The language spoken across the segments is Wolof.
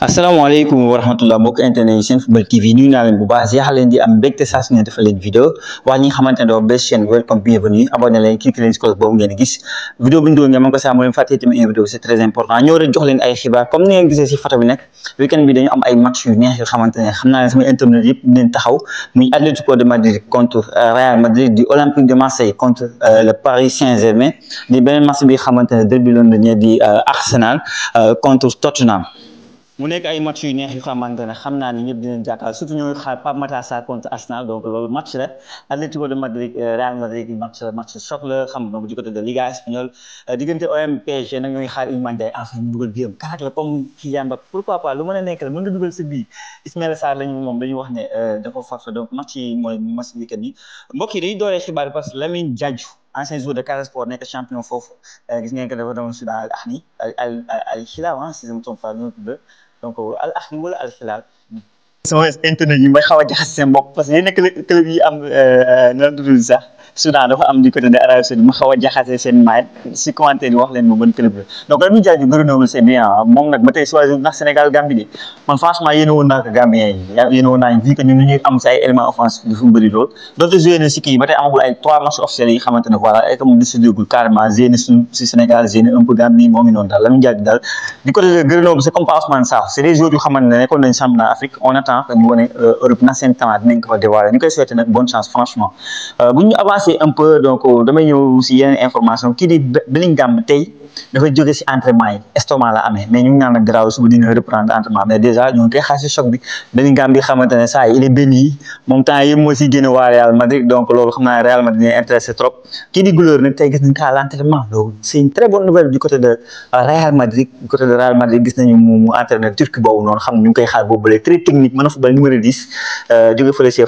asalaamaaleykum wa rahmatulah mbokk internet yi seen football tv nuyu naa leen bu baax yaxa leen di am mbégte saa su ne defal leen vidéo wax ñi nga xamante ne doo bes chaîne welcome bienvenue abonné leen cliqué leen si cloche boobu ngeen gis vidéo comme ni ngeen gisee si photo xamante ne xam naa ne sama internet yëpp leen taxaw muy Atlético de Madrid contre euh, Real Madrid di Olympique de Marseille contre euh, le Paris Saint-Germain di beneen match bi xamante ne derby londonien di euh, Arsenal contre Tottenham mu nekk ay match yu neex yu xamante ne xam naa ni ñëpp dinañ jàkkaar surtout ñooy xaar Pape Matar Sarr contre Arsenal donc loolu match la Atlético de Madrid euh, Real Madrid match la match choc la xam donc du côté de Liga espagnole euh, diggante OM PSG nag ñooy xaar Iliman Ndiaye enfin ah, mu dugal biiram kanak la comme Kylian Mbappé pourquoi pas lu mën a nekk la mën nga dugal sa bii Ismaïla Sarr lañu moom dañu wax ne euh, dafa forfait donc match yi mooy match week-end yi mbokk yi dañuy dooree xibaar parce que Lamine Diadhiou ancien joueur de Casa Sport nekk champion foofu gis donc al ahli wala al hilal sama internet yi may xawa a jaxas parce que nek club yi am euh la tudd sax Soudan dafa am di côté de Arabie Saoudite mu xaw a jaxase seen maayet si commentaire yi wax leen ma ban club la donc Lamine Diack Grenoble c'est bien ah. moom nag ba tey choisir ndax Sénégal Gambie de man franchement yéen woon naa ko Gambien yi yéen woon naa vu que ñun ñuy am si ay éléments offensifs dafa bëri lool donte joué na si kii ba tey amagul ay trois matchs officiels yi xamante ne voilà et que moom décidégul carrément génn si Sénégal génn un peu Gambie moo ngi noonu daal Lamine Diack daal du côté de Grenoble c'est comme pas Ousmane Sarr c'est des joueurs yu xamante ne nekkoon nañ championnat Afrique on attend que ñu wane euh, Europe na seen talent dinañ ko fa dévoiler ñu koy souhaiter nag bonne chance franchement euh, bu ñu avancé commencer un peu donc euh, damay ñëw si yenn information kii di Bellingham tey dafay jóge si entraînement yi estomac la amee mais ñu ngi naan la garaaw suba dina reprendre entraînement mais déjà ñoo ngi koy xaar si choc waa Real Madrid donc loolu xam naa Real Madrid dina intéressé trop kii di Güler nag tey gis nañ ko à l'entraînement loolu très bonne nouvelle du côté de Real Madrid gis nañu mu mu entraîneur turc boobu noonu xam ñu ngi xaar boobu bële très technique mën a football numéro 10 euh, jóge fële si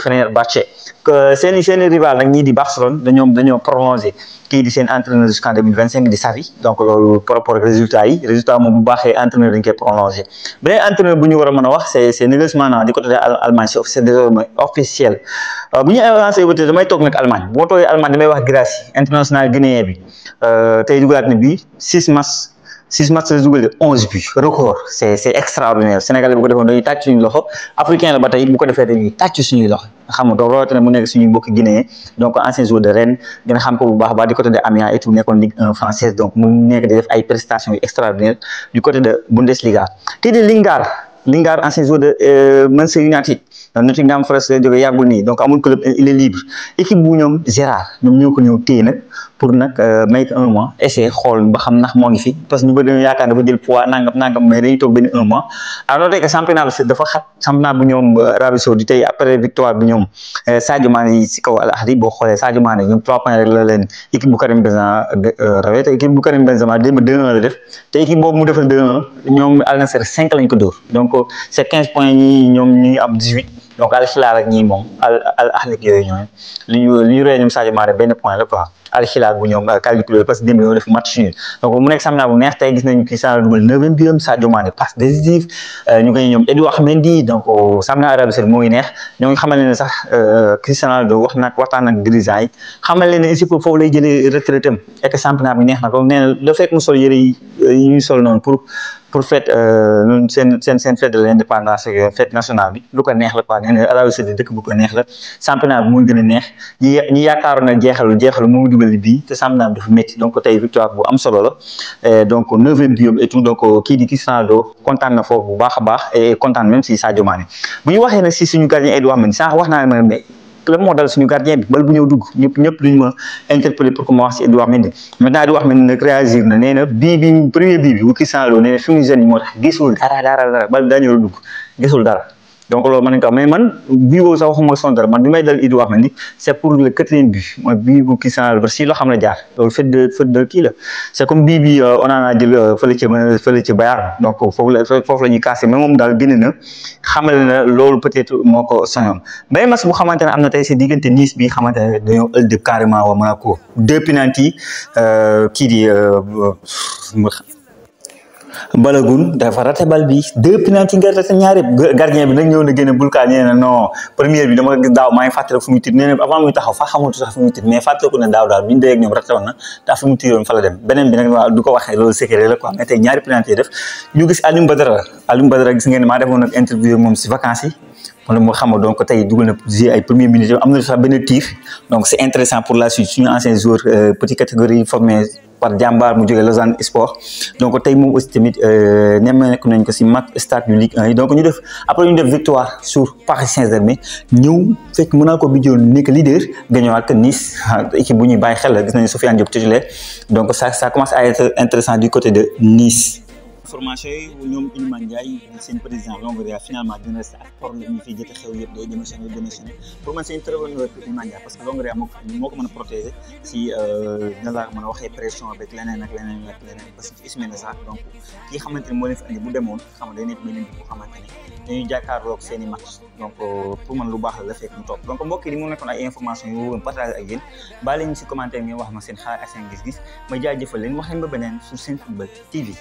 seen rival nag di Barcelone dañoo dañoo prolongé di seen entraîneur jusqu'en deux mille vingt donc loolu par résultat yi résultat moom bu baaxee entraîneur dañ koy prolongé beneen entraîneur bu ñu war a a wax c'est c'est Nagelsmann di côté de Allemagne c'est officiel désormais officiel euh, bu ñu avancé bu ma toogee Allemagne damay wax Guirassy international guinéen bi euh, tey dugalaat na bi six matchs six matchs la dugal onze buts record c'est c'est extraordinaire sénégalais bu ko defoon dañuy tàcc suñu loxo africain la ba tey bu ko defee dañuy tàcc suñuy loxo xam nga donc rawatina mu nekk suñu mbokk Guinée donc ancien joueur de Rennes ngeen xam ko bu baax baax du côté de Amiens et tout nekkoon française donc mu nekk def ay prestations extraordinaire du côté de Bundesliga Teddy Lingard Lingard ancien joueur de euh, Manchester United ndax Nottingham Forest la jógee yàggul nii donc amul club il est libre nag pour nag euh, may ko un mois essayer xool moo ngi fi parce que ñu bëri dañoo yaakaar dafa jël poids nangam nangam mais dañuy toog benn un mois alors la si kaw boo xoolee Sadio Mané ñoom trois euh, def te équipe boobu mu defal 2 ñoom Al Nassr cinq lañ ko dóor donc donc c'est quinze points yi ñoom ñuy am dix huit donc al xilaar ak ñii moom al al ahlik yooyu benn point la quoi al bu ñoom calculé parce que démb yow def match nul donc mu nekk samna bu neex tey gis nañu euh, ñu koy ñoom Edouard neex ñoo ngi xamal leen sax euh, Cristiano Ronaldo wax nag waxtaan ak dirigeant yi xamal leen ne si foofu lay jëlee retraite am et que championnat bi neex na ko nee na le fait que mu sol yëre yi euh, ñuy sol noonu seen seen seen fête de bi ko neex la quoi Arabie Saoudite dëkk bu ko neex la championnat bi moo gën a neex ñi ñi yaakaaroon jeexalu jeexalu moo dugal bii te championnat bi dafa métti donc tey victoire bu la donc neuvième a baax et bu ñu waxee nag si suñu gardien dal suñu gardien bi bal bu ñëw dugg ñëpp ñëpp duñu ma interpellé pour que ma wax si Edouard Mendy maintenant Edouard Mendy nag réagir na nee na bii bi premier bii bi bu Cristiano Ronaldo nee fi mu jeune moo tax gisul dara dara dara bal daa ñëw dugg gisul dara donc loolu man nañu tax mais man bii boobu sax waxuma sondal man bi may dal Idou wax na ni c' est pour le quatrième but mooy bii bu kii san si loo xam ne jaar loolu fait de fait de kii la c' est bii bi euh, on en a euh, donc foofu la foofu la ñuy casser mais moom daal génn na xamal na loolu peut être moo ko soñoon mais mas bu xamante ne am na tey si diggante Nice bi xamante ne dañoo ëllëg carrément waa Monaco deux penalty euh, kii di balagul dafa raté bal bi deux penalty nga raté ñaari gardien bi nag ñëw na génne bulka nee na non première bi dama gis daaw maa ngi fàttaliku fu fu mu tir mais fàttaliku ne fu mu tiroon def ñu gis Aliou Badara Aliou Badara gis ngeen maa defoon nag interview moom si vacances moom moo xam tey dugal na joué ay am na sax benn tir donc c'est intéressant pour la suite suñu ancien joueur euh, petite catégorie formé par jàmbaar mu jógee Lausanne Sport donc tay mom aussi tamit euh, nemmeeku nañ ko ci match stade du Ligue 1 donc ñu def après ñu def victoire sur Paris Saint-Germain ñeu fekk Monaco ko jël nek leader gagnou que Nice équipe bu ñuy bàyyi xel la gis nañ Sofiane Diop titulaire donc ça ça commence à être intéressant du côté de Nice formation yi ñoom Iliman Ndiaye seen président Longoria finalement dina resté ak port la ñu fiy jëte xew yëpp day démissionné si dina euh, laa mën a waxee pression avec leneen ak leneen ak leneen parce que Ismaïla bu demoon xam nga dañuy jàkkaarloog seen i match donc euh, pour man lu baax la la fekk mu toog donc mbokk yi mu nekkoon ay information yu wóoroon partagé wax ma seen xaar ak seen gis-gis ma jaajëfal leen wax leen ba beneen sur Senfootball TV